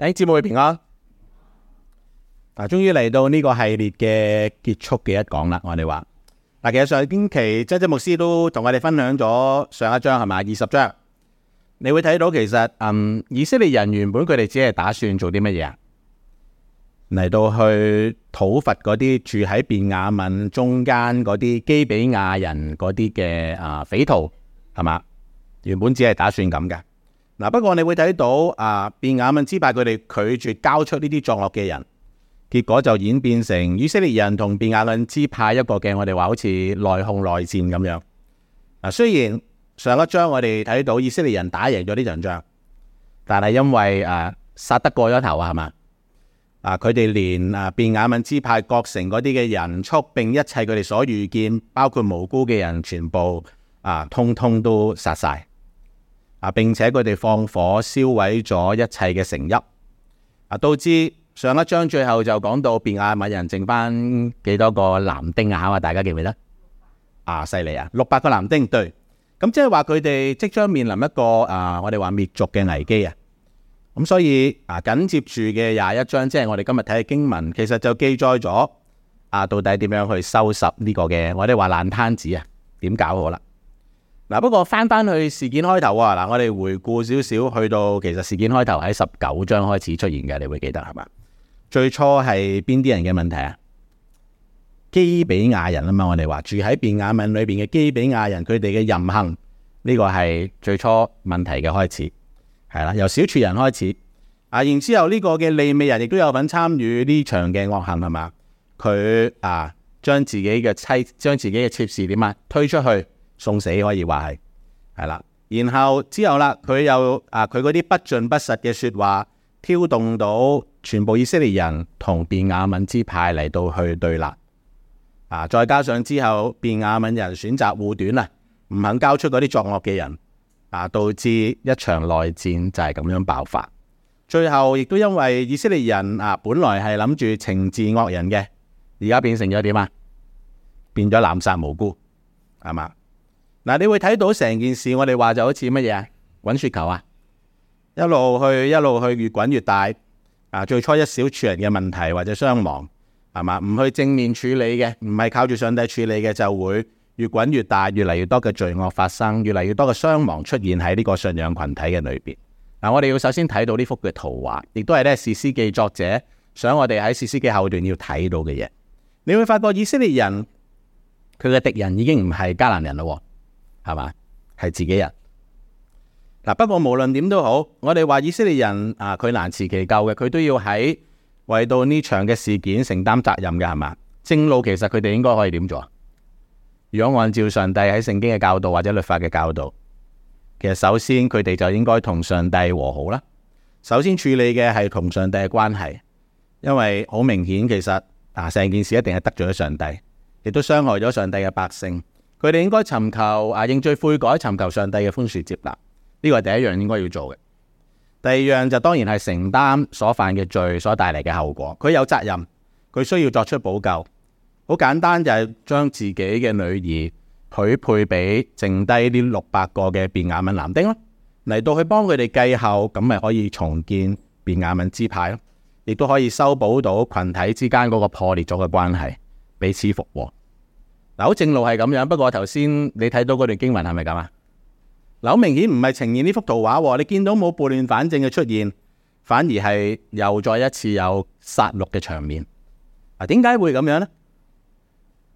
喺節目裏邊啊，嗱，終於嚟到呢個系列嘅結束嘅一講啦。我哋話，嗱，其實上星期真張牧師都同我哋分享咗上一章係嘛，二十章，你會睇到其實，嗯，以色列人原本佢哋只係打算做啲乜嘢啊？嚟到去討伐嗰啲住喺便雅憫中間嗰啲基比亞人嗰啲嘅啊匪徒，係嘛？原本只係打算咁噶。嗱，不過你會睇到啊，便雅憫支派佢哋拒絕交出呢啲作惡嘅人，結果就演變成以色列人同便雅憫支派一個嘅，我哋話好似內訌內戰咁樣。雖、啊、雖然上一章我哋睇到以色列人打贏咗呢場仗，但係因為誒、啊、殺得過咗頭啊，係嘛？啊，佢哋連誒便雅憫支派各城嗰啲嘅人、畜並一切佢哋所遇見，包括無辜嘅人，全部啊通通都殺晒。啊！並且佢哋放火燒毀咗一切嘅城邑。啊，都知上一章最後就講到，便雅憫人剩翻幾多個男丁啊？大家記唔記得？啊，犀利啊！六百個男丁，對。咁即係話佢哋即將面臨一個啊，我哋話滅族嘅危機啊。咁所以啊，緊接住嘅廿一章，即係我哋今日睇嘅經文，其實就記載咗啊，到底點樣去收拾呢個嘅我哋話爛攤子啊？點搞好啦？嗱，不過翻翻去事件開頭啊，嗱，我哋回顧少少，去到其實事件開頭喺十九章開始出現嘅，你會記得係嘛？最初係邊啲人嘅問題啊？基比亞人啊嘛，我哋話住喺便雅憫裏邊嘅基比亞人，佢哋嘅淫行呢，這個係最初問題嘅開始，係啦，由小撮人開始啊，然之後呢個嘅利未人亦都有份參與呢場嘅惡行係嘛？佢啊，將自己嘅妻將自己嘅妾事點啊推出去。送死，可以話係，係啦，然後之後啦，佢有啊，佢嗰啲不盡不實嘅説話，挑動到全部以色列人同便雅憫支派嚟到去對立，啊，再加上之後便雅憫人選擇護短啊，唔肯交出嗰啲作惡嘅人，啊，導致一場內戰就係咁樣爆發。最後亦都因為以色列人啊，本來係諗住懲治惡人嘅，而家變成咗點啊？變咗濫殺無辜，係嘛？嗱，你會睇到成件事，我哋話就好似乜嘢啊？滾雪球啊，一路去一路去，越滾越大啊。最初一小撮人嘅問題或者傷亡係嘛，唔去正面處理嘅，唔係靠住上帝處理嘅，就會越滾越大，越嚟越多嘅罪惡發生，越嚟越多嘅傷亡出現喺呢個信仰群體嘅裏邊。嗱，我哋要首先睇到呢幅嘅圖畫，亦都係呢《士師記》作者想我哋喺《士師記》後段要睇到嘅嘢。你會發覺以色列人佢嘅敵人已經唔係迦南人喎。係嘛？係自己人嗱。不過無論點都好，我哋話以色列人啊，佢難辭其咎嘅，佢都要喺為到呢場嘅事件承擔責任嘅，係嘛？正路其實佢哋應該可以點做？如果按照上帝喺聖經嘅教導或者律法嘅教導，其實首先佢哋就應該同上帝和好啦。首先處理嘅係同上帝嘅關係，因為好明顯其實啊成件事一定係得罪咗上帝，亦都傷害咗上帝嘅百姓。佢哋應該尋求啊認罪悔改，尋求上帝嘅寬恕接納，呢個係第一樣應該要做嘅。第二樣就當然係承擔所犯嘅罪所帶嚟嘅後果。佢有責任，佢需要作出補救。好簡單就係將自己嘅女兒許配俾剩低呢六百個嘅便雅憫男丁咯，嚟到去幫佢哋繼後，咁咪可以重建便雅憫支派咯，亦都可以修補到群體之間嗰個破裂咗嘅關係，彼此復和。糾正路係咁樣，不過頭先你睇到嗰段經文係咪咁啊？嗱，好明顯唔係呈現呢幅圖畫喎，你見到冇撥亂反正嘅出現，反而係又再一次有殺戮嘅場面。啊點解會咁樣呢？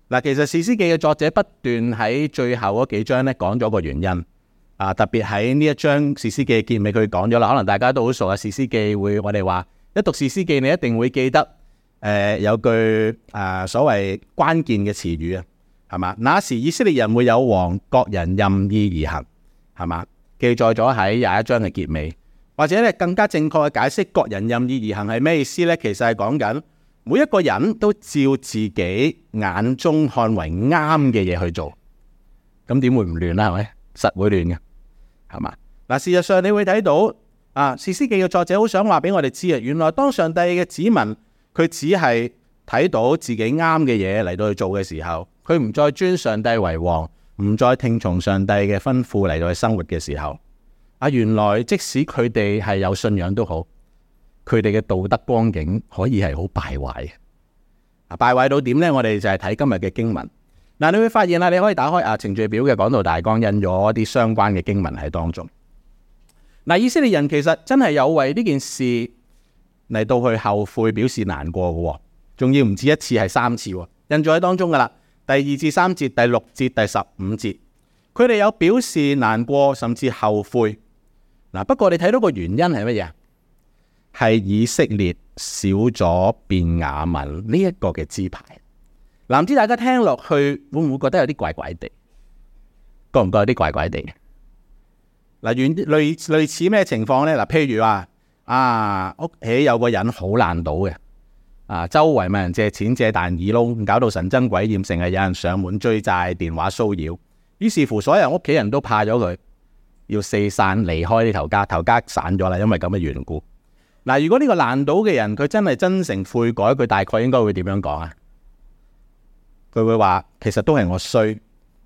嗱、啊，其實《士師記》嘅作者不斷喺最後嗰幾章咧講咗個原因。啊，特別喺呢一章《士師記》嘅結尾，佢講咗啦。可能大家都好熟啊，《士師記》會我哋話一讀《士師記》，你一定會記得誒、呃，有句啊所謂關鍵嘅詞語啊。係嘛？那時以色列人會有王，各人任意而行，係嘛？記載咗喺廿一章嘅結尾，或者咧更加正確嘅解釋，各人任意而行係咩意思呢？其實係講緊每一個人都照自己眼中看為啱嘅嘢去做，咁點會唔亂啦？係咪實會亂嘅？係嘛？嗱，事實上你會睇到啊，士師記嘅作者好想話俾我哋知啊，原來當上帝嘅子民佢只係睇到自己啱嘅嘢嚟，到去做嘅時候，佢唔再尊上帝為王，唔再聽從上帝嘅吩咐嚟到去生活嘅時候，啊，原來即使佢哋係有信仰都好，佢哋嘅道德光景可以係好敗壞嘅。啊，敗壞到點呢？我哋就係睇今日嘅經文。嗱，你會發現啦，你可以打開啊，程序表嘅講道大綱，印咗一啲相關嘅經文喺當中。嗱，以色列人其實真係有為呢件事嚟到去後悔，表示難過嘅，仲要唔止一次，係三次，印咗喺當中噶啦。第二至三節、第六節、第十五節，佢哋有表示難過，甚至後悔。嗱，不過你睇到個原因係乜嘢？係以色列少咗便雅憫呢一個嘅支派。唔知大家聽落去會唔會覺得有啲怪怪地？覺唔覺有啲怪怪地？嗱，類類似咩情況呢？嗱，譬如話啊，屋企有個人好難倒嘅。啊！周圍問人借錢，借大耳窿，搞到神憎鬼厭，成日有人上門追債、電話騷擾，於是乎所有人屋企人都怕咗佢，要四散離開呢頭家，頭家散咗啦，因為咁嘅緣故。嗱、啊，如果呢個爛賭嘅人佢真係真誠悔改，佢大概應該會點樣講啊？佢會話：其實都係我衰，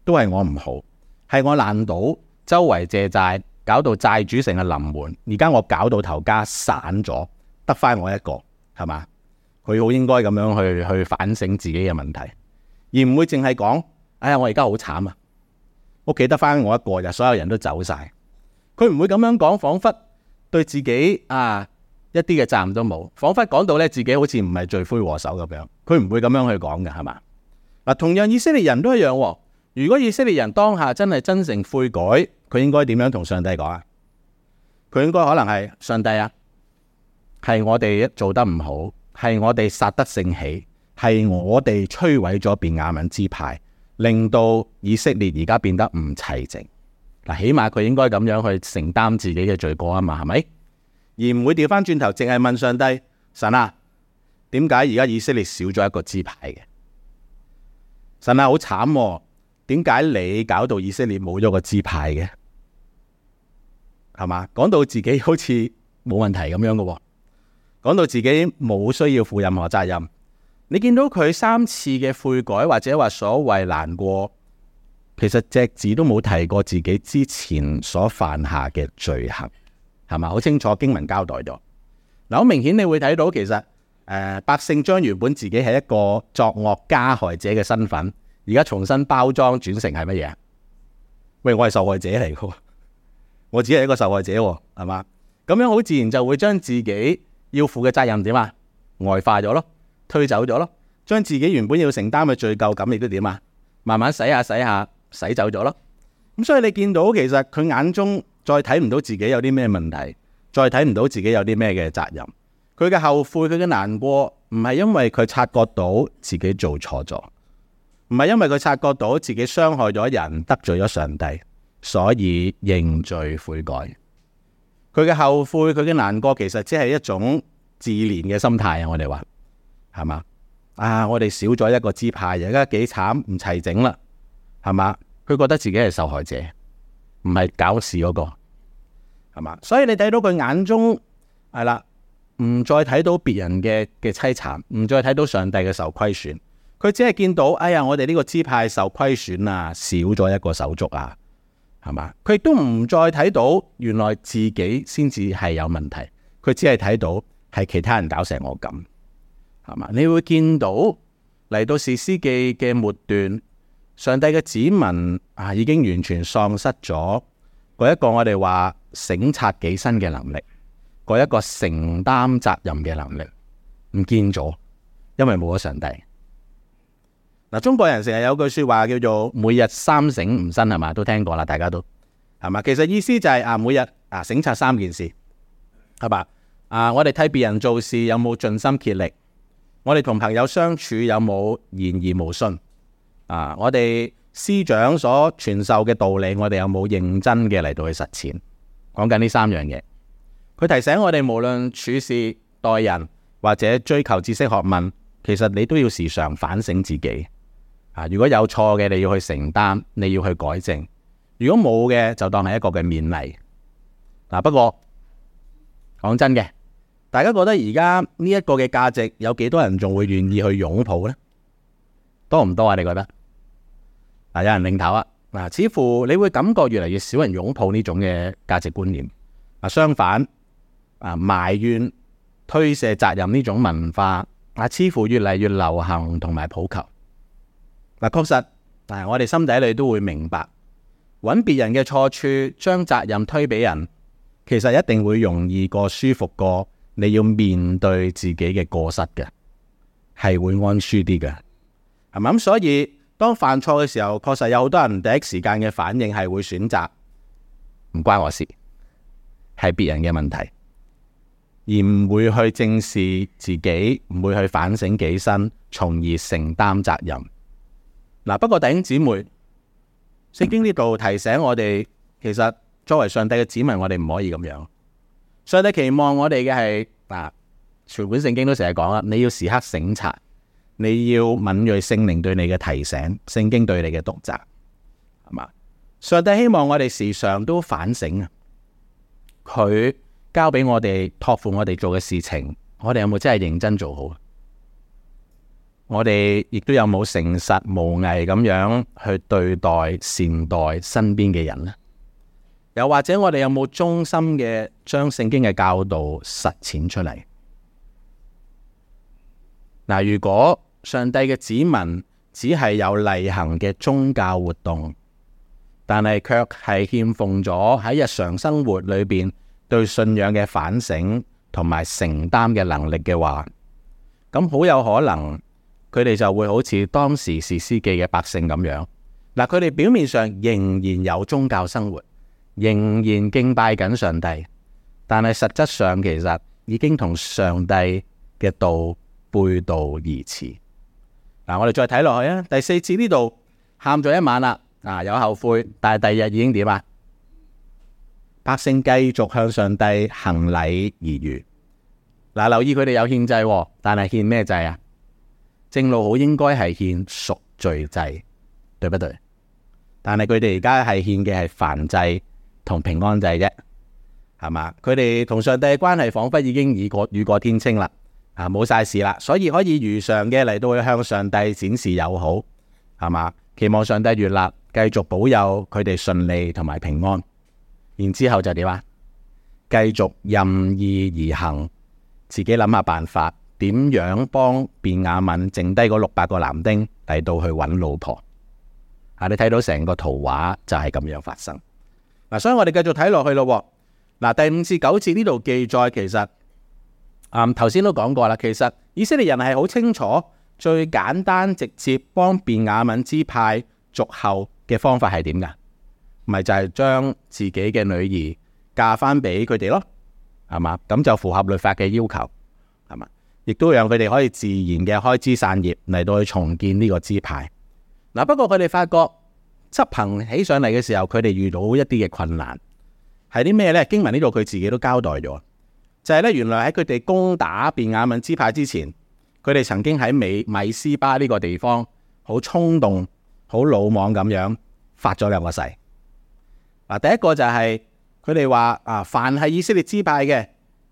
都係我唔好，係我爛賭，周圍借債，搞到債主成日臨門，而家我搞到頭家散咗，得翻我一個，係嘛？佢好應該咁樣去去反省自己嘅問題，而唔會淨係講，哎呀，我而家好慘啊！屋企得翻我一個，就所有人都走晒。佢唔會咁樣講，仿佛對自己啊一啲嘅責任都冇，仿佛講到咧自己好似唔係罪魁禍首咁樣。佢唔會咁樣去講嘅，係嘛？嗱，同樣以色列人都一樣。如果以色列人當下真係真誠悔改，佢應該點樣同上帝講啊？佢應該可能係上帝啊，係我哋做得唔好。係我哋殺得盛起，係我哋摧毀咗便雅憫支派，令到以色列而家變得唔齊整。嗱，起碼佢應該咁樣去承擔自己嘅罪過啊嘛，係咪？而唔會調翻轉頭，淨係問上帝，神啊，點解而家以色列少咗一個支派嘅？神啊，好慘啊，點解你搞到以色列冇咗個支派嘅？係嘛，講到自己好似冇問題咁樣喎。講到自己冇需要負任何責任，你見到佢三次嘅悔改，或者話所謂難過，其實隻字都冇提過自己之前所犯下嘅罪行，係嘛？好清楚經文交代咗。嗱，好明顯你會睇到，其實誒、呃，百姓將原本自己係一個作惡加害者嘅身份，而家重新包裝轉成係乜嘢？喂，我係受害者嚟嘅，我只係一個受害者，啊，係嘛？咁樣好自然就會將自己。要負嘅責任點啊？外化咗咯，推走咗咯，將自己原本要承擔嘅罪疚感亦都點啊？慢慢洗下洗下洗走咗咯。咁所以你見到其實佢眼中再睇唔到自己有啲咩問題，再睇唔到自己有啲咩嘅責任。佢嘅後悔，佢嘅難過，唔係因為佢察覺到自己做錯咗，唔係因為佢察覺到自己傷害咗人，得罪咗上帝，所以認罪悔改。佢嘅後悔，佢嘅難過，其實只係一種自憐嘅心態啊！我哋話係嘛啊，我哋少咗一個支派，而家幾慘，唔齊整啦，係嘛？佢覺得自己係受害者，唔係搞事嗰個，係嘛？所以你睇到佢眼中係啦，唔再睇到別人嘅嘅淒慘，唔再睇到上帝嘅受虧損，佢只係見到，哎呀，我哋呢個支派受虧損啊，少咗一個手足啊！係嘛？佢亦都唔再睇到原來自己先至係有問題，佢只係睇到係其他人搞成我咁，係嘛？你會見到嚟到士師記嘅末段，上帝嘅指紋啊，已經完全喪失咗嗰一個我哋話省察己身嘅能力，嗰一個承擔責任嘅能力，唔見咗，因為冇咗上帝。嗱，中國人成日有句說話叫做每日三省吾身，係嘛，都聽過啦，大家都係嘛。其實意思就係啊，每日啊省察三件事，係吧啊，我哋睇別人做事有冇盡心竭力，我哋同朋友相處有冇言而無信，啊，我哋師長所傳授嘅道理，我哋有冇認真嘅嚟到去實踐？講緊呢三樣嘢，佢提醒我哋，無論處事待人或者追求知識學問，其實你都要時常反省自己。啊！如果有錯嘅，你要去承擔，你要去改正；如果冇嘅，就當係一個嘅勉勵。嗱，不過講真嘅，大家覺得而家呢一個嘅價值有幾多人仲會願意去擁抱呢？多唔多啊？你覺得？有人領頭啊！嗱，似乎你會感覺越嚟越少人擁抱呢種嘅價值觀念。啊，相反，啊埋怨、推卸責任呢種文化，啊，似乎越嚟越流行同埋普及。嗱，確實，但係我哋心底裏都會明白，揾別人嘅錯處，將責任推俾人，其實一定會容易過舒服過。你要面對自己嘅過失嘅，係會安舒啲嘅，係咪咁？所以當犯錯嘅時候，確實有好多人第一時間嘅反應係會選擇唔關我事，係別人嘅問題，而唔會去正視自己，唔會去反省己身，從而承擔責任。嗱，不過弟兄姊妹，聖經呢度提醒我哋，其實作為上帝嘅子民，我哋唔可以咁樣。上帝期望我哋嘅係嗱，全本聖經都成日講啦，你要時刻省察，你要敏銳聖靈對你嘅提醒，聖經對你嘅督責，係嘛？上帝希望我哋時常都反省啊，佢交俾我哋託付我哋做嘅事情，我哋有冇真係認真做好？我哋亦都有冇誠實無偽咁樣去對待善待身邊嘅人咧？又或者我哋有冇忠心嘅將聖經嘅教導實踐出嚟？嗱，如果上帝嘅子民只係有例行嘅宗教活動，但係卻係欠奉咗喺日常生活裏邊對信仰嘅反省同埋承擔嘅能力嘅話，咁好有可能。佢哋就會好似當時士師記嘅百姓咁樣，嗱，佢哋表面上仍然有宗教生活，仍然敬拜緊上帝，但係實質上其實已經同上帝嘅道背道而馳。嗱、啊，我哋再睇落去啊，第四次呢度喊咗一晚啦，嗱、啊、有後悔，但係第二日已經點啊？百姓繼續向上帝行禮而餘。嗱、啊，留意佢哋有獻祭，但係獻咩祭啊？正路好應該係獻贖罪祭，對不對？但係佢哋而家係欠嘅係燔祭同平安祭啫，係嘛？佢哋同上帝嘅關係彷彿已經雨過雨過天晴啦，啊冇晒事啦，所以可以如常嘅嚟到去向上帝展示友好，係嘛？期望上帝悅納，繼續保佑佢哋順利同埋平安。然之後就點啊？繼續任意而行，自己諗下辦法。點樣幫便雅憫剩低嗰六百個男丁嚟到去揾老婆？啊，你睇到成個圖畫就係咁樣發生。嗱，所以我哋繼續睇落去咯。嗱，第五至九節呢度記載，其實啊頭先都講過啦，其實以色列人係好清楚最簡單直接幫便雅憫支派續後嘅方法係點噶？咪就係將自己嘅女兒嫁翻俾佢哋咯，係嘛？咁就符合律法嘅要求。亦都讓佢哋可以自然嘅，開枝散葉嚟到去重建呢個支派。嗱，不過佢哋發覺執行起上嚟嘅時候，佢哋遇到一啲嘅困難，係啲咩呢？經文呢度佢自己都交代咗，就係呢，原來喺佢哋攻打便雅憫支派之前，佢哋曾經喺美米，米斯巴呢個地方好衝動、好魯莽咁樣發咗兩個誓。嗱，第一個就係佢哋話啊，凡係以色列支派嘅，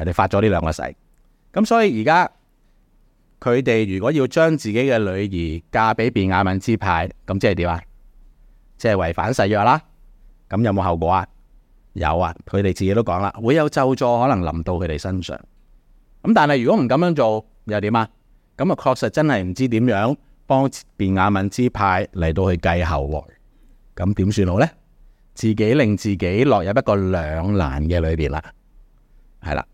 人哋發咗呢兩個誓，咁所以而家佢哋如果要將自己嘅女兒嫁俾便雅憫支派，咁即係點啊？即係違反誓約啦。咁有冇後果啊？有啊，佢哋自己都講啦，會有咒詛可能臨到佢哋身上。咁但係如果唔咁樣做又點啊？咁啊，確實真係唔知點樣幫便雅憫支派嚟到去繼後。咁點算好呢？自己令自己落入一個兩難嘅裏面啦。係啦。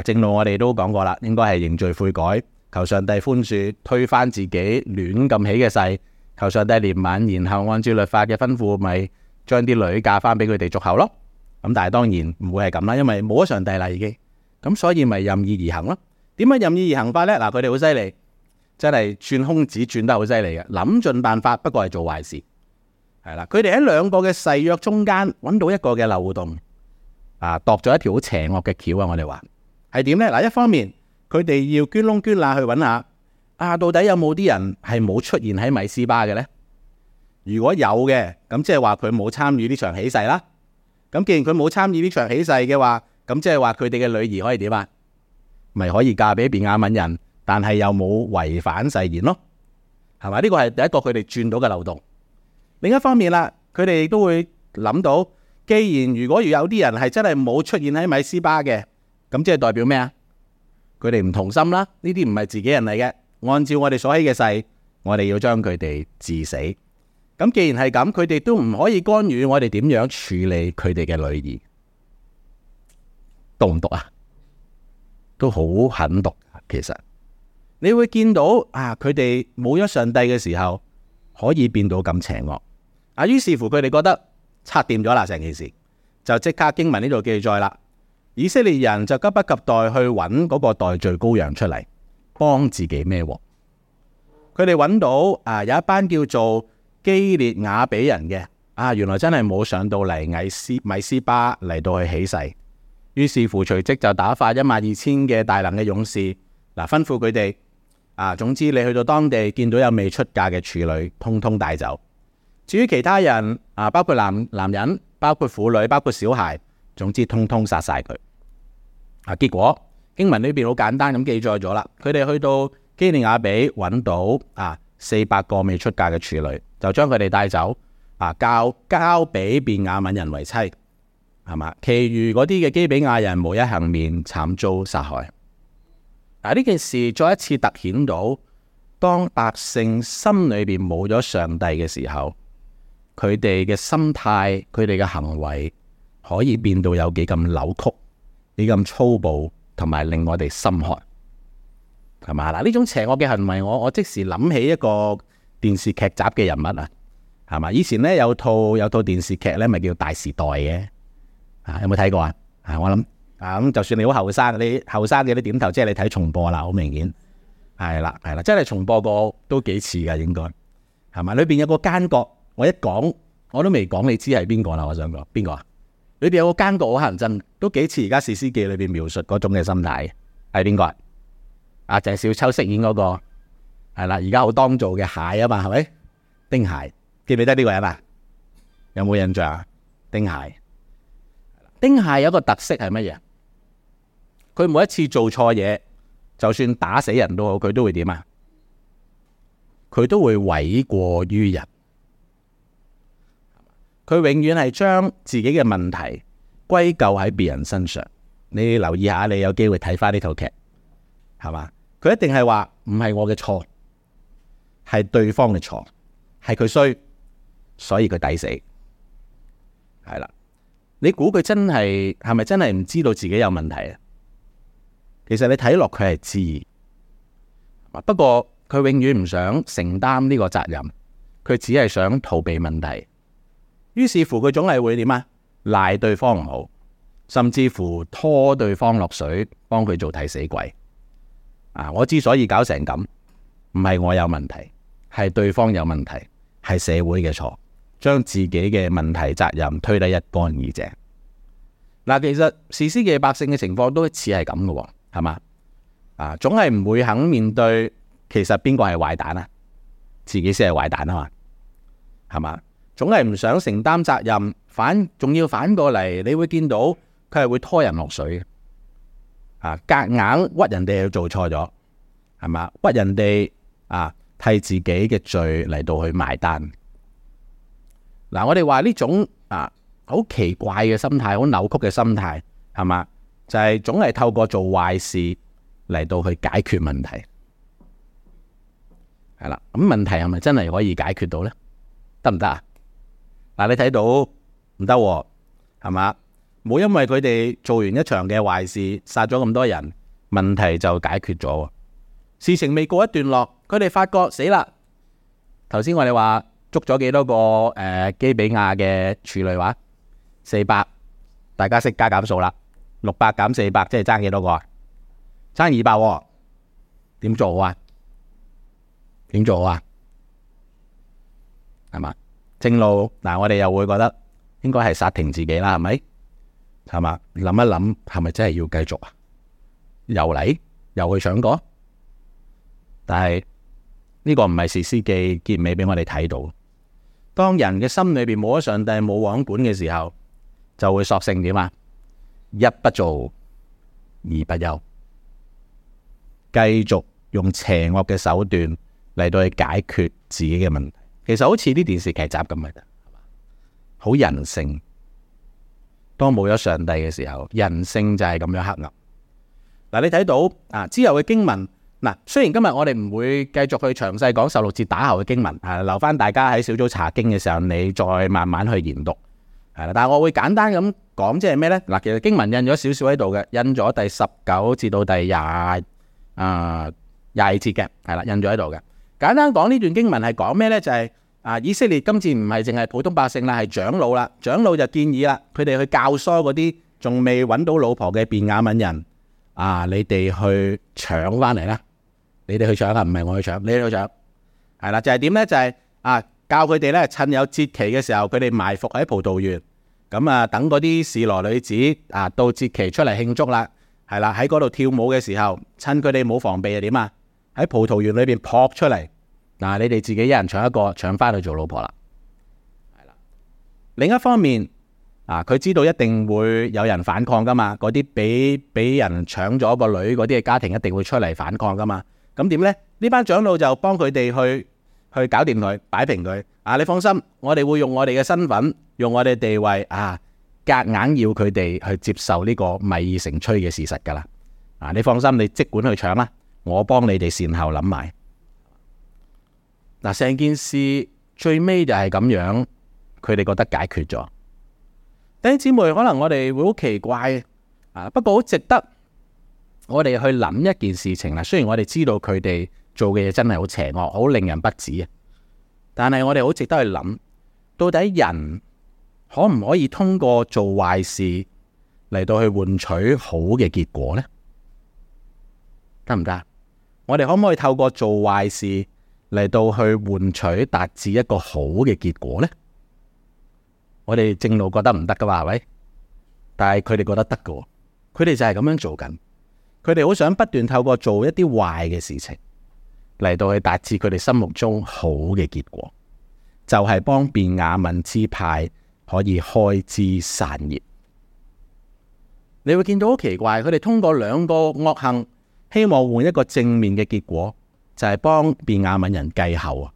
正路我哋都講過啦，應該係認罪悔改，求上帝寬恕，推翻自己亂咁起嘅誓，求上帝憐憫，然後按照律法嘅吩咐，咪將啲女嫁翻俾佢哋續後咯。咁但係當然唔會係咁啦，因為冇咗上帝啦已經，咁所以咪任意而行咯。點解任意而行法呢？嗱，佢哋好犀利，真係鑽空子鑽得好犀利嘅，諗盡辦法，不過係做壞事。係啦，佢哋喺兩個嘅誓約中間揾到一個嘅漏洞，啊，度咗一條好邪惡嘅橋啊！我哋話。係點呢？嗱，一方面佢哋要捐窿捐罅去揾下，啊，到底有冇啲人係冇出現喺米斯巴嘅呢？如果有嘅，咁即係話佢冇參與呢場起誓啦。咁既然佢冇參與呢場起誓嘅話，咁即係話佢哋嘅女兒可以點啊？咪可以嫁俾便雅憫人，但係又冇違反誓言咯，係咪？呢個係第一個佢哋轉到嘅漏洞。另一方面啦，佢哋都會諗到，既然如果有啲人係真係冇出現喺米斯巴嘅。咁即係代表咩啊？佢哋唔同心啦，呢啲唔係自己人嚟嘅。按照我哋所起嘅誓，我哋要將佢哋致死。咁既然係咁，佢哋都唔可以干預我哋點樣處理佢哋嘅女兒。毒唔毒啊？都好狠毒啊，其實你會見到啊，佢哋冇咗上帝嘅時候，可以變到咁邪惡。啊，於是乎佢哋覺得拆掂咗啦，成件事就即刻經文呢度記載啦。以色列人就急不及待去搵嗰個代罪羔羊出嚟幫自己孭鑊。佢哋搵到啊，有一班叫做基列雅比人嘅啊，原來真係冇上到嚟米斯米斯巴嚟到去起誓，於是乎隨即就打發一萬二千嘅大能嘅勇士嗱，吩咐佢哋啊，總之你去到當地見到有未出嫁嘅處女，通通帶走。至於其他人啊，包括男男人、包括婦女、包括小孩，總之，通通殺晒佢。啊，結果經文裏邊好簡單咁記載咗啦，佢哋去到基利雅比揾到啊，四百個未出嫁嘅處女，就將佢哋帶走，啊交交俾便雅憫人為妻，係嘛？其餘嗰啲嘅基比亞人無一幸免，慘遭殺害。啊呢件事再一次凸顯到，當百姓心裏邊冇咗上帝嘅時候，佢哋嘅心態，佢哋嘅行為。可以變到有幾咁扭曲，幾咁粗暴，同埋令我哋心寒，係嘛嗱？呢種邪惡嘅行為我，我我即時諗起一個電視劇集嘅人物啊，係嘛？以前咧有套有套電視劇咧，咪叫《大時代》嘅啊？有冇睇過啊？啊，我諗啊，咁就算你好後生，你後生嘅啲點頭，即係你睇重播啦，好明顯係啦，係啦，真係重播過都幾次㗎。應該係嘛？裏邊有一個奸角，我一講我都未講，你知係邊個啦？我想講邊個啊？裏邊有個奸角好行憎，都幾似而家《士師記》裏邊描述嗰種嘅心態。係邊個啊？阿鄭少秋飾演嗰，那個係啦，而家好當造嘅蟹啊嘛，係咪？丁蟹記唔記得呢個人啊？有冇印象，啊？丁蟹，丁蟹有一個特色係乜嘢？佢每一次做錯嘢，就算打死人都好，佢都會點啊？佢都會諉過於人。佢永遠係將自己嘅問題歸咎喺別人身上。你留意下，你有機會睇翻呢套劇係嘛？佢一定係話唔係我嘅錯，係對方嘅錯，係佢衰，所以佢抵死係啦。你估佢真係係咪真係唔知道自己有問題啊？其實你睇落佢係知，不過佢永遠唔想承擔呢個責任，佢只係想逃避問題。於是乎佢總係會點啊，賴對方唔好，甚至乎拖對方落水，幫佢做替死鬼。啊！我之所以搞成咁，唔係我有問題，係對方有問題，係社會嘅錯，將自己嘅問題責任推得一乾二淨。嗱，其實士師記嘅百姓嘅情況都似係咁噶，係嘛？啊，總係唔會肯面對，其實邊個係壞蛋啊？自己先係壞蛋啊嘛？係嘛？總係唔想承擔責任，反仲要反過嚟，你會見到佢係會拖人落水嘅。啊，夾硬屈人哋又做錯咗，係嘛，屈人哋啊替自己嘅罪嚟到去埋單。嗱、啊，我哋話呢種啊好奇怪嘅心態，好扭曲嘅心態，係嘛，就係、是、總係透過做壞事嚟到去解決問題。係啦，咁問題係咪真係可以解決到呢？得唔得啊？嗱，你睇到唔得係嘛？冇因為佢哋做完一場嘅壞事，殺咗咁多人，問題就解決咗。事情未過一段落，佢哋發覺死啦。頭先我哋話捉咗幾多個誒基比亞嘅處女話四百，大家識加減數啦。六百減四百，即係差幾多個啊？差二百，點做好啊？點做好啊？係嘛？正路，嗱我哋又會覺得應該係殺停自己啦，係咪？係嘛，諗一諗，係咪真係要繼續啊？又嚟，又去想過，但係呢個唔係士師記結尾俾我哋睇到的。當人嘅心裏邊冇咗上帝冇王管嘅時候，就會索性點啊？一不做，二不休，繼續用邪惡嘅手段嚟到去解決自己嘅問題。其實好似啲電視劇集咁嘅，係嘛？好人性，當冇咗上帝嘅時候，人性就係咁樣黑暗。嗱，你睇到啊，之後嘅經文嗱，雖然今日我哋唔會繼續去詳細講十六節打後嘅經文，誒留翻大家喺小組查經嘅時候，你再慢慢去研讀，係啦。但係我會簡單咁講，即係咩呢？嗱，其實經文印咗少少喺度嘅，印咗第十九至到第廿誒廿二節嘅，係啦，印咗喺度嘅。簡單講呢段經文係講咩咧就係啊，以色列今次唔係淨係普通百姓啦，係長老啦。長老就建議啦，佢哋去教唆嗰啲仲未搵到老婆嘅便雅憫人啊，你哋去搶翻嚟啦，你哋去搶啊，唔係我去搶，你哋去搶。係啦，就係點咧？就係啊，教佢哋咧趁有節期嘅時候，佢哋埋伏喺葡萄園，咁啊，等嗰啲示羅女子啊到節期出嚟慶祝啦。係啦，喺嗰度跳舞嘅時候，趁佢哋冇防備，係點啊？喺葡萄園裏邊撲出嚟，嗱，你哋自己一人搶一個，搶翻去做老婆啦，另一方面，啊佢知道一定會有人反抗噶嘛，嗰啲俾俾人搶咗個女嗰啲嘅家庭一定會出嚟反抗噶嘛。咁點呢？呢班長老就幫佢哋去去搞掂佢，擺平佢。啊，你放心，我哋會用我哋嘅身份，用我哋地位，啊夾硬要佢哋去接受呢個米已成炊嘅事實㗎啦。啊，你放心，你即管去搶啦。我幫你哋善後諗埋嗱，成件事最尾就係咁樣，佢哋覺得解決咗。弟兄姊妹，可能我哋會好奇怪啊，不過好值得我哋去諗一件事情啦。雖然我哋知道佢哋做嘅嘢真係好邪惡、好令人不齒，啊，但係我哋好值得去諗，到底人可唔可以通過做壞事嚟到去換取好嘅結果呢？得唔得？我哋可唔可以透過做壞事嚟到去換取達至一個好嘅結果呢？我哋正路覺得唔得噶嘛，係咪？但係佢哋覺得得噶，佢哋就係咁樣做緊。佢哋好想不斷透過做一啲壞嘅事情嚟到去達至佢哋心目中好嘅結果，就係幫便雅憫支派可以開枝散葉。你會見到好奇怪，佢哋通過兩個惡行。希望換一個正面嘅結果，就係幫便雅憫人計後啊！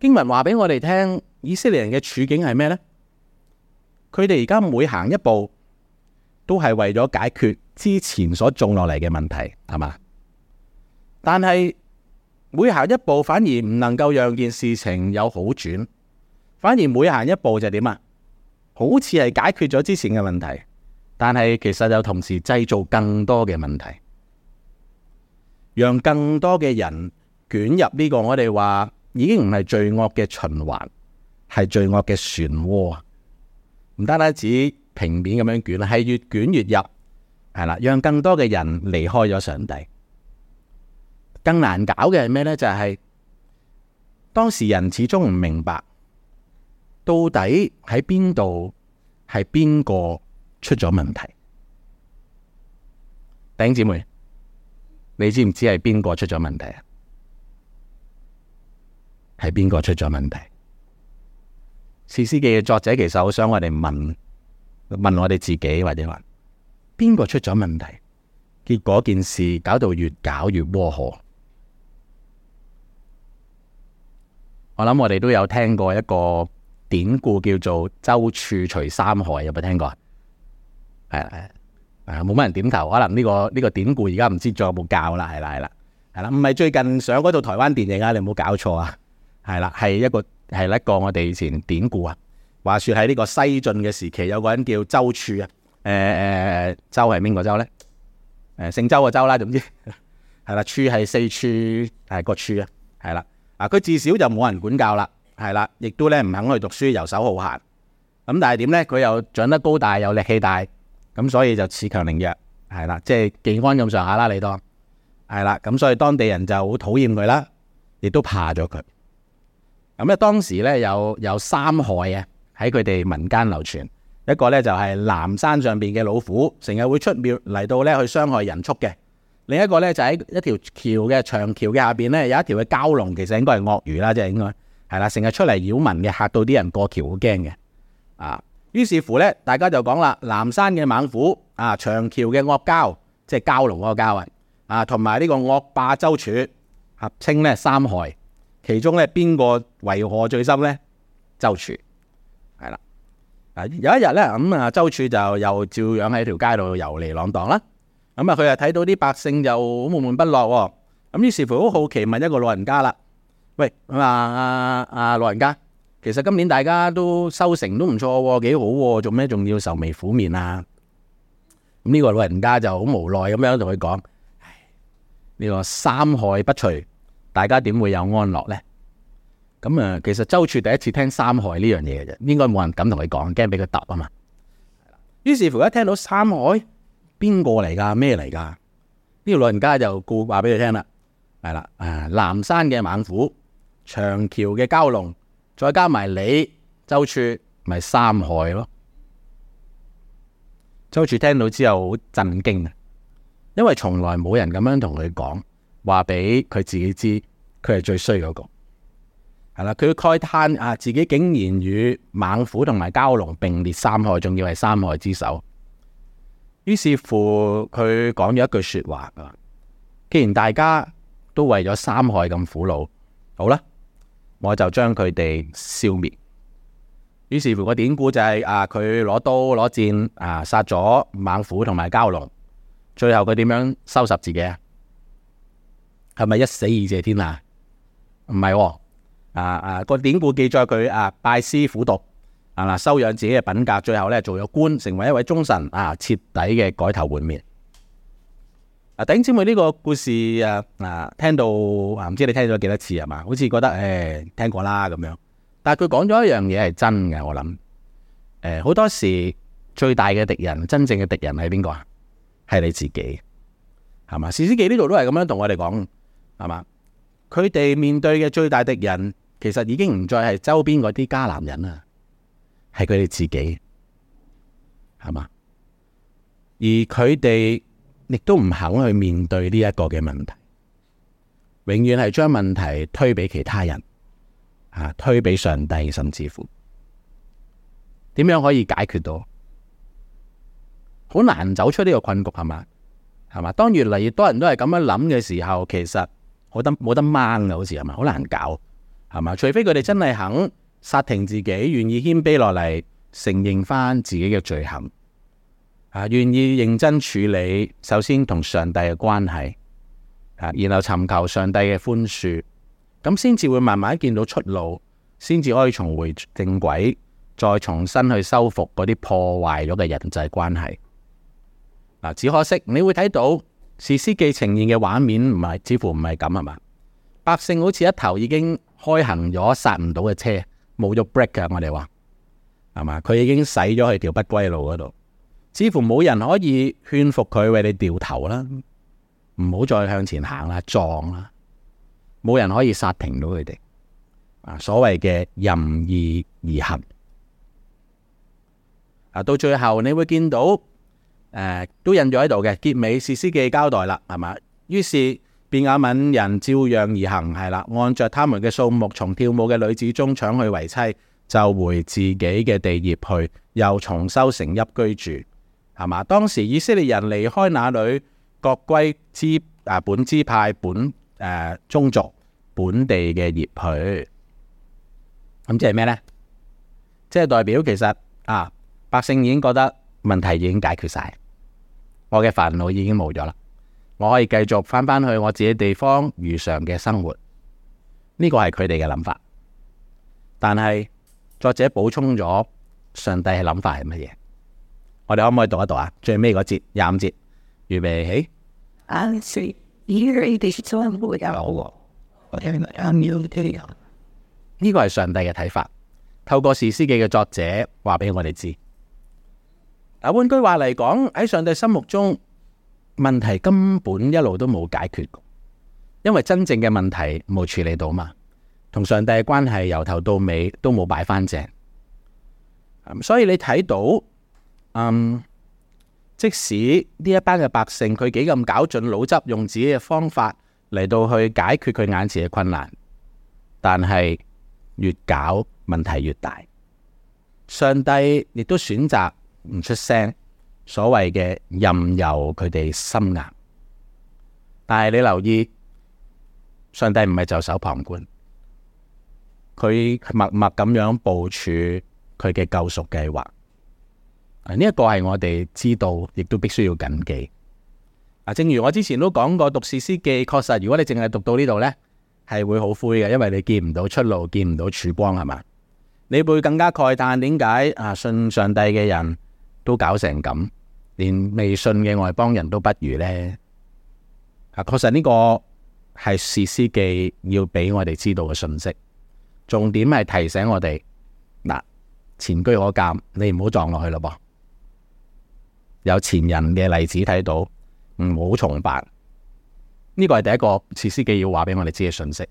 經文話俾我哋聽，以色列人嘅處境係咩呢？佢哋而家每行一步，都係為咗解決之前所種落嚟嘅問題，係嘛？但係每行一步反而唔能夠讓件事情有好轉，反而每行一步就係點啊？好似係解決咗之前嘅問題，但係其實又同時製造更多嘅問題。讓更多嘅人捲入呢個我哋話已經唔係罪惡嘅循環，係罪惡嘅漩渦，唔單單止平面咁樣捲，係越捲越入，係啦，讓更多嘅人離開咗上帝。更難搞嘅係咩咧？就係、是、當事人始終唔明白到底喺邊度，係邊個出咗問題。弟兄姊妹。你知唔知係邊個出咗問題啊？係邊個出咗問題？士師記嘅作者其實好想我哋問問我哋自己，或者話邊個出咗問題？結果件事搞到越搞越窩火。我諗我哋都有聽過一個典故，叫做周處除三害，有冇聽過？係。冇乜人點頭，可能呢、這個呢、這個典故而家唔知仲有冇教啦，係啦係啦，係啦，唔係最近上嗰套台灣電影啊，你冇搞錯啊，係啦，係一個係一個我哋以前典故啊，話說喺呢個西晉嘅時期，有個人叫周處、呃呃、 啊，誒誒，周係邊個周咧？誒，姓周嘅周啦，總之係啦，處係四處係個處啊，係啦，啊佢自小就冇人管教啦，係啦，亦都咧唔肯去讀書，游手好閒，咁但係點咧？佢又長得高大，有力氣大。咁所以就恃強凌弱，係啦，即係幾安咁上下啦，你當係啦。咁所以當地人就好討厭佢啦，亦都怕咗佢。咁咧當時咧有有三害嘅喺佢哋民間流傳，一個咧就係、是、南山上邊嘅老虎，成日會出廟嚟到咧去傷害人畜嘅；另一個咧就喺、是、一條橋嘅長橋嘅下面咧有一條嘅蛟龍，其實應該係鱷魚啦，即係應該係啦，成日出嚟擾民嘅，嚇到啲人過橋好驚嘅，啊！於是乎咧，大家就講啦，南山嘅猛虎啊，長橋嘅惡蛟，即係蛟龍個蛟啊，啊，同埋呢個惡霸周處，合稱咧三害。其中咧邊個為禍最深呢？周處。係啦。有一日咧，咁啊，周處就又照樣喺條街度遊嚟浪蕩啦。咁啊，佢又睇到啲百姓好悶悶不樂喎。咁於是乎好好奇問一個老人家啦：，喂，啊啊啊，老人家。其實今年大家都收成都唔錯，幾好，做咩仲要愁眉苦面啊？咁、這、呢個老人家就好無奈咁樣同佢講：呢、這個三害不除，大家點會有安樂呢？」咁啊，其實周處第一次聽三害呢樣嘢啫，應該冇人敢同佢講，驚俾佢答啊嘛。於是乎，一聽到三害，邊、這個嚟噶？咩嚟噶？呢個老人家就故話俾佢聽啦，係啦，啊，南山嘅猛虎，長橋嘅蛟龍。再加埋你，周處咪三害咯？周處聽到之後好震驚啊！因為從來冇人咁樣同佢講話俾佢自己知，佢係最衰嗰個。係啦，佢慨嘆啊，自己竟然與猛虎同埋蛟龍並列三害，仲要係三害之首。於是乎，佢講咗一句說話啊，既然大家都為咗三害咁苦惱，好啦。我就將佢哋消滅，於是乎個典故就係、是、啊，佢攞刀攞箭啊，殺咗猛虎同埋蛟龍，最後佢點樣收拾自己啊？係咪一死二謝天啊？唔係、哦，啊啊個典故記載佢啊拜師苦讀啊嗱，修養自己嘅品格，最後咧做咗官，成為一位忠臣啊，徹底嘅改頭換面。頂姊、啊、妹呢個故事啊，啊聽到啊，唔知你聽咗幾多次係嘛？好似覺得誒、欸、聽過啦咁樣。但係佢講咗一樣嘢，係真嘅，我諗誒，好、欸、多時最大嘅敵人，真正嘅敵人係邊個啊？係你自己係嘛？士師記呢度都係咁樣同我哋講，係嘛？佢哋面對嘅最大敵人，其實已經唔再係周邊嗰啲迦南人啊，係佢哋自己係嘛？而佢哋。亦都唔肯去面對呢一個嘅問題，永遠係將問題推俾其他人，啊，推俾上帝甚至乎，點樣可以解決到？好難走出呢個困局，係嘛？係嘛？當越嚟越多人都係咁樣諗嘅時候，其實冇得冇得掹嘅，好似係咪？好難搞，係嘛？除非佢哋真係肯殺停自己，願意謙卑落嚟，承認翻自己嘅罪行。啊，願意認真處理，首先同上帝嘅關係啊，然後尋求上帝嘅寬恕，咁先至會慢慢見到出路，先至可以重回正軌，再重新去修復嗰啲破壞咗嘅人際關係嗱。只可惜你會睇到士師記呈現嘅畫面，唔係似乎唔係咁係嘛？百姓好似一頭已經開行咗剎唔到嘅車，冇咗 break 噶，我哋話係嘛？佢已經駛咗去條不歸路嗰度。似乎冇人可以勸服佢為你掉頭啦，唔好再向前行啦，撞啦，冇人可以剎停到佢哋。啊，所謂嘅任意而行。啊，到最後你會見到，誒、呃，都印咗喺度嘅結尾，士師記交代啦，係嘛？於是便雅憫人照樣而行，係啦，按着他們嘅數目，從跳舞嘅女子中搶去為妻，就回自己嘅地業去，又重修城邑居住。係嘛？當時以色列人離開那裏，各歸支啊本支派、本誒、呃、宗族、本地嘅業去，咁即係咩呢？即係代表其實啊，百姓已經覺得問題已經解決晒，我嘅煩惱已經冇咗啦，我可以繼續返返去我自己的地方，如常嘅生活。呢個係佢哋嘅諗法，但係作者補充咗，上帝嘅諗法係乜嘢？我哋可唔可以讀一讀啊？最尾嗰節廿五節，預備起。呢、啊、個係上帝嘅睇法，透過士師記嘅作者話俾我哋知。嗱，換句話嚟講，喺上帝心目中，問題根本一路都冇解決，因為真正嘅問題冇處理到嘛。同上帝嘅關係由頭到尾都冇擺翻正。所以你睇到。嗯，um, 即使呢一班嘅百姓佢幾咁搞盡腦汁，用自己嘅方法嚟到去解決佢眼前嘅困難，但係越搞問題越大。上帝亦都選擇唔出聲，所謂嘅任由佢哋心硬。但係你留意，上帝唔係袖手旁觀，佢默默咁樣部署佢嘅救贖計劃。呢一個係我哋知道，亦都必須要謹記。啊，正如我之前都講過，讀士師記確實，如果你淨係讀到呢度呢，係會好灰嘅，因為你見唔到出路，見唔到曙光，係嘛？你會更加慨嘆點解啊？為什麼信上帝嘅人都搞成咁，連未信嘅外邦人都不如呢？啊，確實呢個係士師記要俾我哋知道嘅信息，重點係提醒我哋嗱，前居可鑑，你唔好撞落去咯，噃。有前人嘅例子睇到，唔好重複。呢個係第一個士師記要話俾我哋知嘅信息。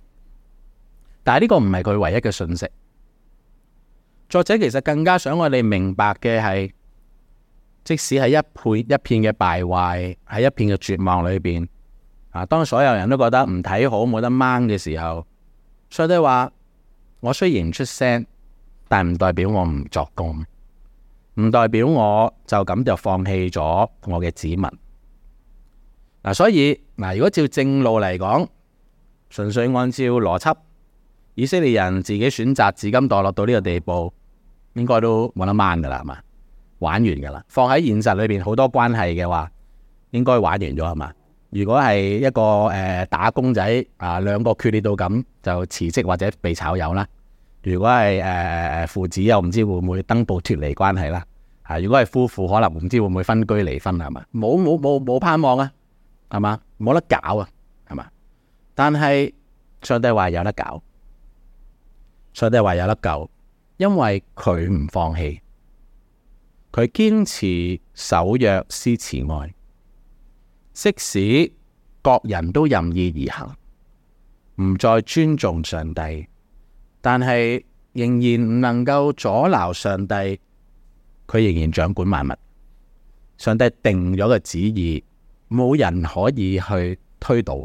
但係呢個唔係佢唯一嘅信息。作者其實更加想我哋明白嘅係，即使係一倍一片嘅敗壞，喺一片嘅絕望裏邊，啊，當所有人都覺得唔睇好、冇得掹嘅時候，所以都話我雖然唔出聲，但唔代表我唔作工。唔代表我就咁就放棄咗我嘅子民嗱，所以嗱，如果照正路嚟講，純粹按照邏輯，以色列人自己選擇，至今墮落到呢個地步，應該都冇得掹噶啦，係嘛？玩完噶啦。放喺現實裏邊好多關係嘅話，應該玩完咗，係嘛？如果係一個誒、呃、打工仔啊，兩、呃、個決裂到咁，就辭職或者被炒魷啦。如果係誒、呃、父子又唔知會唔會登報脱離關係啦。啊，如果係夫婦，可能唔知會唔會分居離婚啦，係嘛？冇冇冇冇盼望啊，係嘛？冇得搞啊，係嘛？但係上帝話有得搞，上帝話有得救，因為佢唔放棄，佢堅持守約施慈愛，即使各人都任意而行，唔再尊重上帝。但係仍然唔能夠阻撓上帝，佢仍然掌管萬物。上帝定咗個旨意，冇人可以去推倒，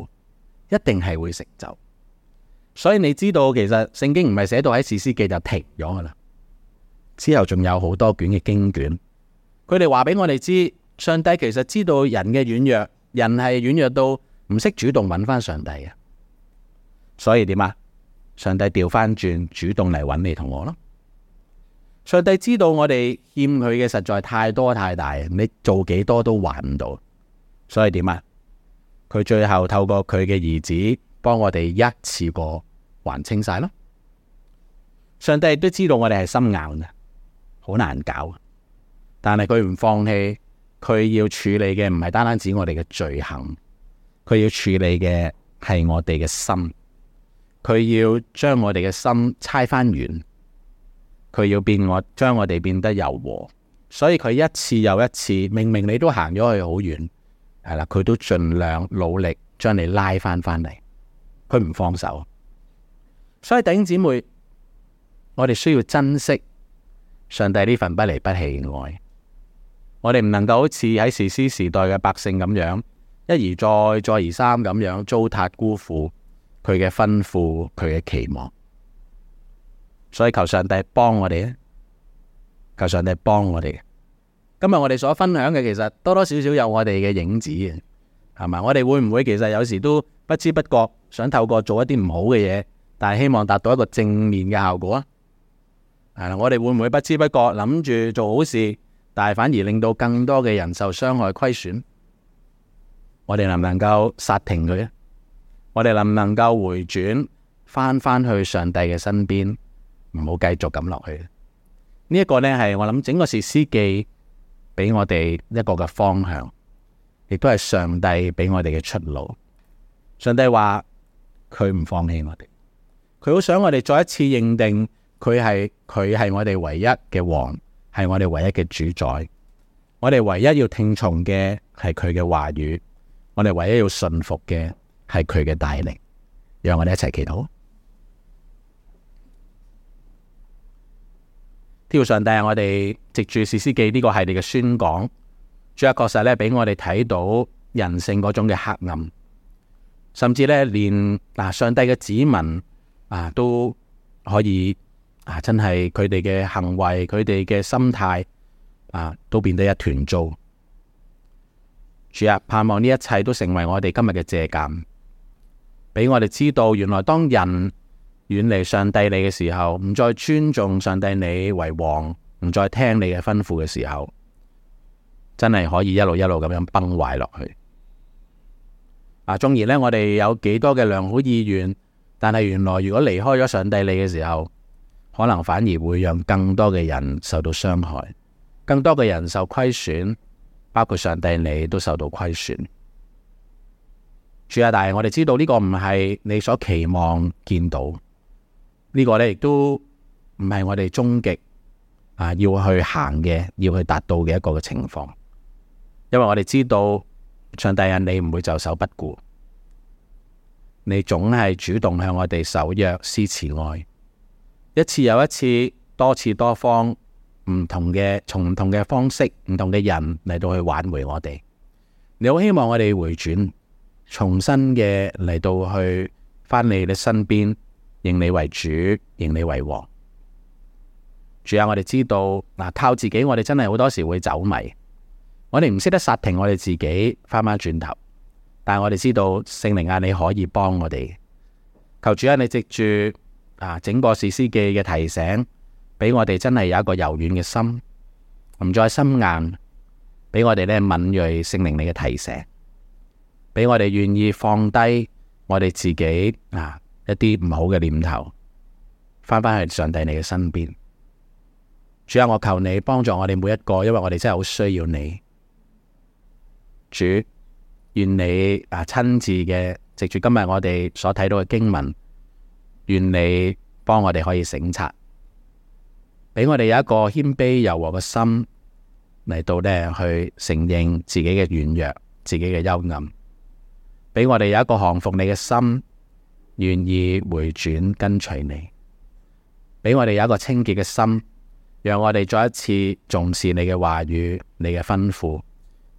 一定係會成就。所以你知道，其實聖經唔係寫到喺《士師記》就停咗噶啦。之後仲有好多卷嘅經卷，佢哋話俾我哋知，上帝其實知道人嘅軟弱，人係軟弱到唔識主動揾翻上帝嘅。所以點啊？上帝調翻轉，主動嚟揾你同我咯。上帝知道我哋欠佢嘅實在太多太大，你做幾多都還唔到，所以點啊？佢最後透過佢嘅兒子幫我哋一次過還清晒咯。上帝都知道我哋係心硬嘅，好難搞，但係佢唔放棄，佢要處理嘅唔係單單止我哋嘅罪行，佢要處理嘅係我哋嘅心。佢要將我哋嘅心拆翻完，佢要變我將我哋變得柔和，所以佢一次又一次，明明你都行咗去好遠，係啦，佢都盡量努力將你拉翻翻嚟，佢唔放手。所以弟兄姐妹，我哋需要珍惜上帝呢份不離不棄愛，我哋唔能夠好似喺士師時代嘅百姓咁樣一而再、再而三咁樣糟蹋辜負。佢嘅吩咐，佢嘅期望，所以求上帝幫我哋咧，求上帝幫我哋。今日我哋所分享嘅，其實多多少少有我哋嘅影子嘅，係咪？我哋會唔會其實有時都不知不覺想透過做一啲唔好嘅嘢，但係希望達到一個正面嘅效果啊？係啦，我哋會唔會不知不覺諗住做好事，但係反而令到更多嘅人受傷害、虧損？我哋能唔能夠剎停佢啊？我哋能唔能夠回轉翻翻去上帝嘅身邊，唔好繼續咁落去。呢、這、一個呢，係我諗整個士師記俾我哋一個嘅方向，亦都係上帝俾我哋嘅出路。上帝話佢唔放棄我哋，佢好想我哋再一次認定佢係佢係我哋唯一嘅王，係我哋唯一嘅主宰。我哋唯一要聽從嘅係佢嘅話語，我哋唯一要順服嘅。係佢嘅帶領，讓我哋一齊祈禱。天父上帝，我哋藉住士師記呢個系列嘅宣講，主啊，確實咧俾我哋睇到人性嗰種嘅黑暗，甚至咧連嗱上帝嘅子民啊都可以啊，真係佢哋嘅行為、佢哋嘅心態啊，都變得一團糟。主啊，盼望呢一切都成為我哋今日嘅借鑒。俾我哋知道，原來當人遠離上帝你嘅時候，唔再尊重上帝你為王，唔再聽你嘅吩咐嘅時候，真係可以一路一路咁樣崩壞落去。啊，縱然呢我哋有幾多嘅良好意願，但係原來如果離開咗上帝你嘅時候，可能反而會讓更多嘅人受到傷害，更多嘅人受虧損，包括上帝你都受到虧損。主啊！但係我哋知道呢個唔係你所期望見到呢個咧，亦都唔係我哋終極啊要去行嘅，要去達到嘅一個嘅情況。因為我哋知道，上帝人你唔會就手不顧，你總係主動向我哋守約施慈愛，一次又一次，多次多方唔同嘅從唔同嘅方式，唔同嘅人嚟，到去挽回我哋。你好希望我哋回轉。重新嘅嚟到去翻嚟你身邊，認你為主，認你為王。主啊，我哋知道嗱，靠自己我哋真係好多時會走迷，我哋唔識得剎停我哋自己翻翻轉頭。但係我哋知道聖靈啊，你可以幫我哋。求主啊，你藉住啊整個士師記嘅提醒，俾我哋真係有一個柔軟嘅心，唔再心硬，俾我哋呢敏銳聖靈你嘅提醒。俾我哋願意放低我哋自己啊一啲唔好嘅念頭，翻返去上帝你嘅身邊。主啊，我求你幫助我哋每一個，因為我哋真係好需要你。主，願你啊親自嘅，藉住今日我哋所睇到嘅經文，願你幫我哋可以省察，俾我哋有一個謙卑柔和嘅心嚟到呢去承認自己嘅軟弱、自己嘅幽暗。俾我哋有一個降服你嘅心，願意回轉跟隨你；俾我哋有一個清潔嘅心，讓我哋再一次重視你嘅話語、你嘅吩咐，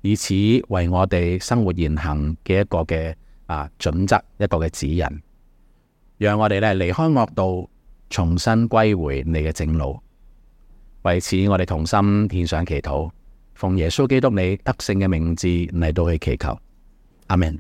以此為我哋生活言行嘅一個嘅啊準則，一個嘅指引。讓我哋咧離開惡道，重新歸回你嘅正路。為此，我哋同心獻上祈禱，奉耶穌基督你德性嘅名字嚟到去祈求，阿明。